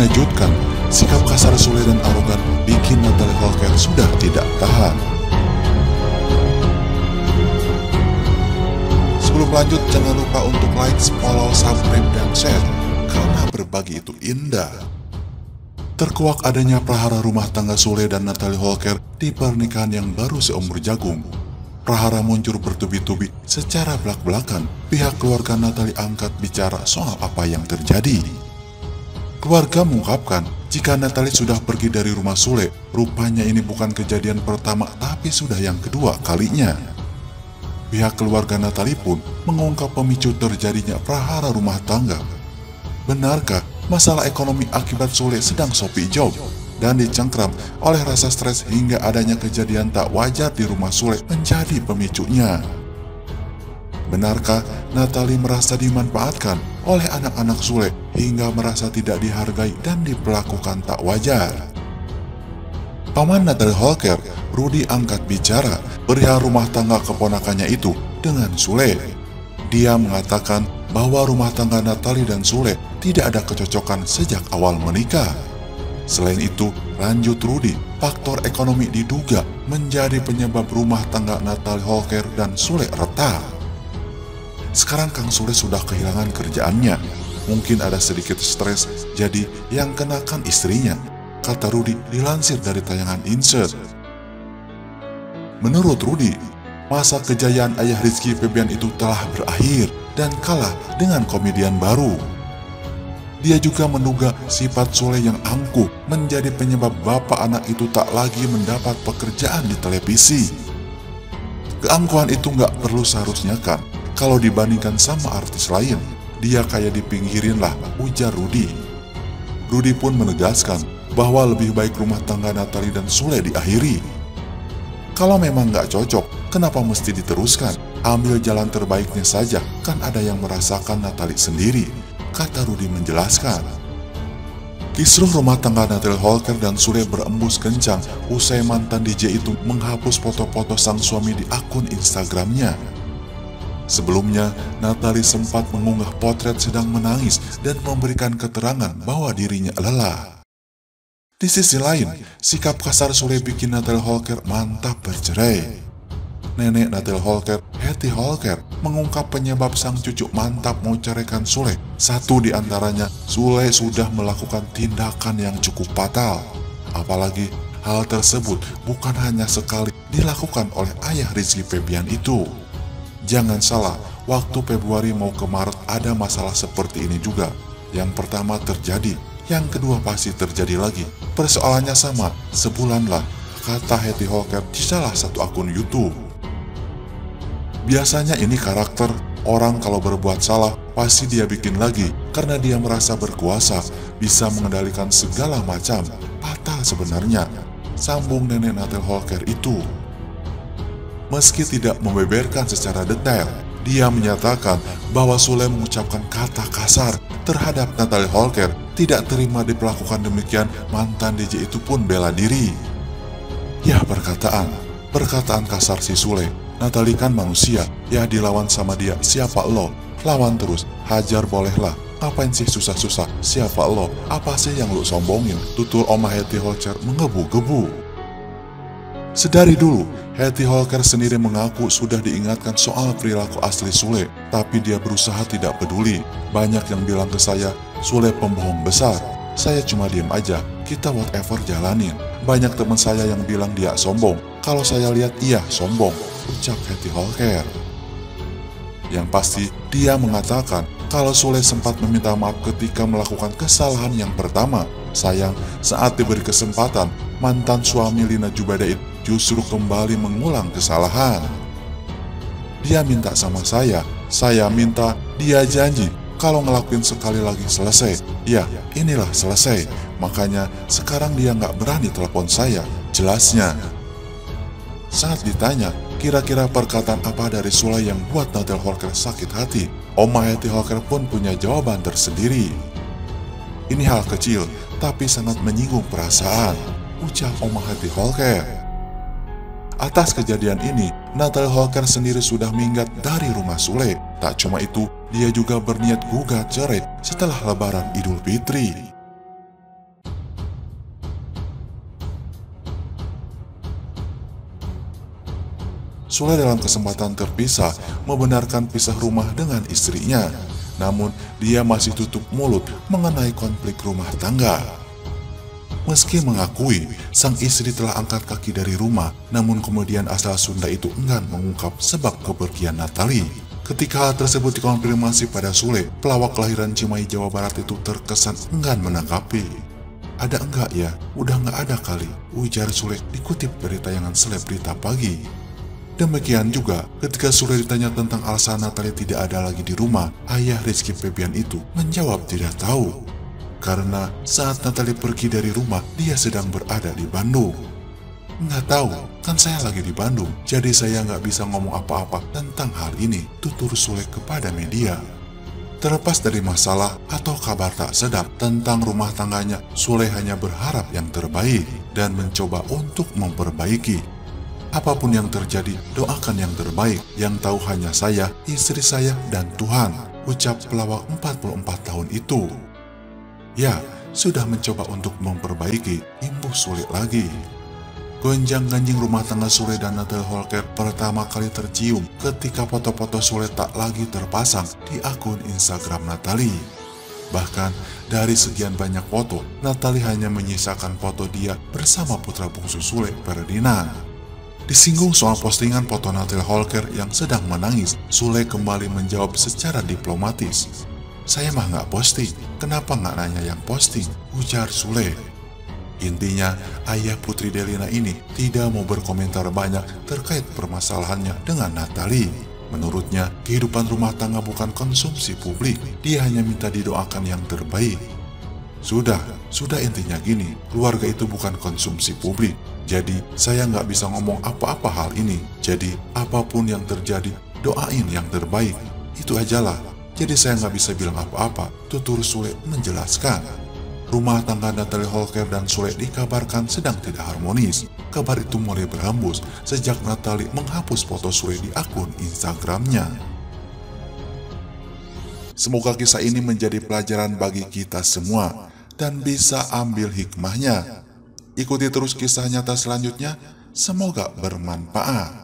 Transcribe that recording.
mengejutkan, sikap kasar Sule dan arogan bikin Natalie Holker sudah tidak tahan. Sebelum lanjut, jangan lupa untuk like, follow, subscribe, dan share, karena berbagi itu indah. Terkuak adanya prahara rumah tangga Sule dan Natalie Holker di pernikahan yang baru seumur jagung. Prahara muncul bertubi-tubi secara belak-belakan. Pihak keluarga Natalie angkat bicara soal apa yang terjadi. Keluarga mengungkapkan jika Natalie sudah pergi dari rumah Sule, rupanya ini bukan kejadian pertama tapi sudah yang kedua kalinya. Pihak keluarga Natalie pun mengungkap pemicu terjadinya prahara rumah tangga. Benarkah masalah ekonomi akibat Sule sedang sopi job dan dicengkram oleh rasa stres hingga adanya kejadian tak wajar di rumah Sule menjadi pemicunya? Benarkah Natali merasa dimanfaatkan oleh anak-anak Sule hingga merasa tidak dihargai dan diperlakukan tak wajar? Paman Natali Holker, Rudi angkat bicara perihal rumah tangga keponakannya itu dengan Sule. Dia mengatakan bahwa rumah tangga Natali dan Sule tidak ada kecocokan sejak awal menikah. Selain itu, lanjut Rudi, faktor ekonomi diduga menjadi penyebab rumah tangga Natali Holker dan Sule retak. Sekarang Kang Sule sudah kehilangan kerjaannya. Mungkin ada sedikit stres, jadi yang kenakan istrinya. Kata Rudi dilansir dari tayangan Insert. Menurut Rudi, masa kejayaan ayah Rizky Febian itu telah berakhir dan kalah dengan komedian baru. Dia juga menduga sifat Sule yang angkuh menjadi penyebab bapak anak itu tak lagi mendapat pekerjaan di televisi. Keangkuhan itu nggak perlu seharusnya kan, kalau dibandingkan sama artis lain, dia kayak dipinggirin lah, ujar Rudi. Rudi pun menegaskan bahwa lebih baik rumah tangga Natali dan Sule diakhiri. Kalau memang nggak cocok, kenapa mesti diteruskan? Ambil jalan terbaiknya saja, kan ada yang merasakan Natali sendiri, kata Rudi menjelaskan. Kisruh rumah tangga Natal Holker dan Sule berembus kencang usai mantan DJ itu menghapus foto-foto sang suami di akun Instagramnya. Sebelumnya, Natalie sempat mengunggah potret sedang menangis dan memberikan keterangan bahwa dirinya lelah. Di sisi lain, sikap kasar Sule bikin Natal Holker mantap bercerai. Nenek Natal Holker, Hetty Holker, mengungkap penyebab sang cucu mantap mau ceraikan Sule. Satu di antaranya, Sule sudah melakukan tindakan yang cukup fatal. Apalagi, hal tersebut bukan hanya sekali dilakukan oleh ayah Rizky Febian itu. Jangan salah, waktu Februari mau ke Maret ada masalah seperti ini juga. Yang pertama terjadi, yang kedua pasti terjadi lagi. Persoalannya sama, sebulan lah, kata Hetty Holker di salah satu akun YouTube. Biasanya ini karakter, orang kalau berbuat salah pasti dia bikin lagi karena dia merasa berkuasa, bisa mengendalikan segala macam. Patah sebenarnya, sambung nenek Natal Holker itu. Meski tidak membeberkan secara detail, dia menyatakan bahwa Sule mengucapkan kata kasar terhadap Natalie Holker tidak terima diperlakukan demikian mantan DJ itu pun bela diri. Ya perkataan, perkataan kasar si Sule, Natalie kan manusia, ya dilawan sama dia, siapa lo? Lawan terus, hajar bolehlah, Apain sih susah-susah? Siapa lo? Apa sih yang lo sombongin? Tutur Oma Hetty Holcher mengebu-gebu. Sedari dulu, Hetty Holker sendiri mengaku sudah diingatkan soal perilaku asli Sule, tapi dia berusaha tidak peduli. Banyak yang bilang ke saya, Sule pembohong besar. Saya cuma diem aja, kita whatever jalanin. Banyak teman saya yang bilang dia sombong. Kalau saya lihat iya sombong, ucap Hetty Holker. Yang pasti, dia mengatakan kalau Sule sempat meminta maaf ketika melakukan kesalahan yang pertama. Sayang, saat diberi kesempatan, mantan suami Lina Jubaidah justru kembali mengulang kesalahan. Dia minta sama saya, saya minta, dia janji kalau ngelakuin sekali lagi selesai. Ya, inilah selesai. Makanya sekarang dia nggak berani telepon saya, jelasnya. Saat ditanya, kira-kira perkataan apa dari Sula yang buat Nadel Horker sakit hati, Oma Hati Horker pun punya jawaban tersendiri. Ini hal kecil, tapi sangat menyinggung perasaan, ucap Oma Hati Horker. Atas kejadian ini, Natal Hawker sendiri sudah minggat dari rumah Sule. Tak cuma itu, dia juga berniat gugat cerai setelah lebaran Idul Fitri. Sule dalam kesempatan terpisah membenarkan pisah rumah dengan istrinya. Namun, dia masih tutup mulut mengenai konflik rumah tangga. Meski mengakui sang istri telah angkat kaki dari rumah, namun kemudian asal Sunda itu enggan mengungkap sebab kepergian Natali. Ketika hal tersebut dikonfirmasi pada Sule, pelawak kelahiran Cimahi Jawa Barat itu terkesan enggan menanggapi. Ada enggak ya? Udah enggak ada kali, ujar Sule dikutip dari tayangan selebrita pagi. Demikian juga ketika Sule ditanya tentang alasan Natali tidak ada lagi di rumah, ayah Rizky Febian itu menjawab tidak tahu karena saat Natali pergi dari rumah, dia sedang berada di Bandung. Nggak tahu, kan saya lagi di Bandung, jadi saya nggak bisa ngomong apa-apa tentang hal ini, tutur Sule kepada media. Terlepas dari masalah atau kabar tak sedap tentang rumah tangganya, Sule hanya berharap yang terbaik dan mencoba untuk memperbaiki apapun yang terjadi, doakan yang terbaik. Yang tahu hanya saya, istri saya, dan Tuhan. Ucap pelawak 44 tahun itu. Ya, sudah mencoba untuk memperbaiki, imbuh sulit lagi. Gonjang-ganjing rumah tangga Sule dan Natal Holker pertama kali tercium ketika foto-foto Sule tak lagi terpasang di akun Instagram Natali. Bahkan, dari sekian banyak foto, Natali hanya menyisakan foto dia bersama putra bungsu Sule, Ferdinand. Disinggung soal postingan foto Natal Holker yang sedang menangis, Sule kembali menjawab secara diplomatis. Saya mah nggak posting, kenapa nggak nanya yang posting? Ujar Sule. Intinya, ayah Putri Delina ini tidak mau berkomentar banyak terkait permasalahannya dengan Natalie. Menurutnya, kehidupan rumah tangga bukan konsumsi publik. Dia hanya minta didoakan yang terbaik. Sudah, sudah intinya gini, keluarga itu bukan konsumsi publik. Jadi, saya nggak bisa ngomong apa-apa hal ini. Jadi, apapun yang terjadi, doain yang terbaik. Itu ajalah jadi saya nggak bisa bilang apa-apa, tutur Sule menjelaskan. Rumah tangga Natalie Holker dan Sule dikabarkan sedang tidak harmonis. Kabar itu mulai berhembus sejak Natalie menghapus foto Sule di akun Instagramnya. Semoga kisah ini menjadi pelajaran bagi kita semua dan bisa ambil hikmahnya. Ikuti terus kisah nyata selanjutnya, semoga bermanfaat.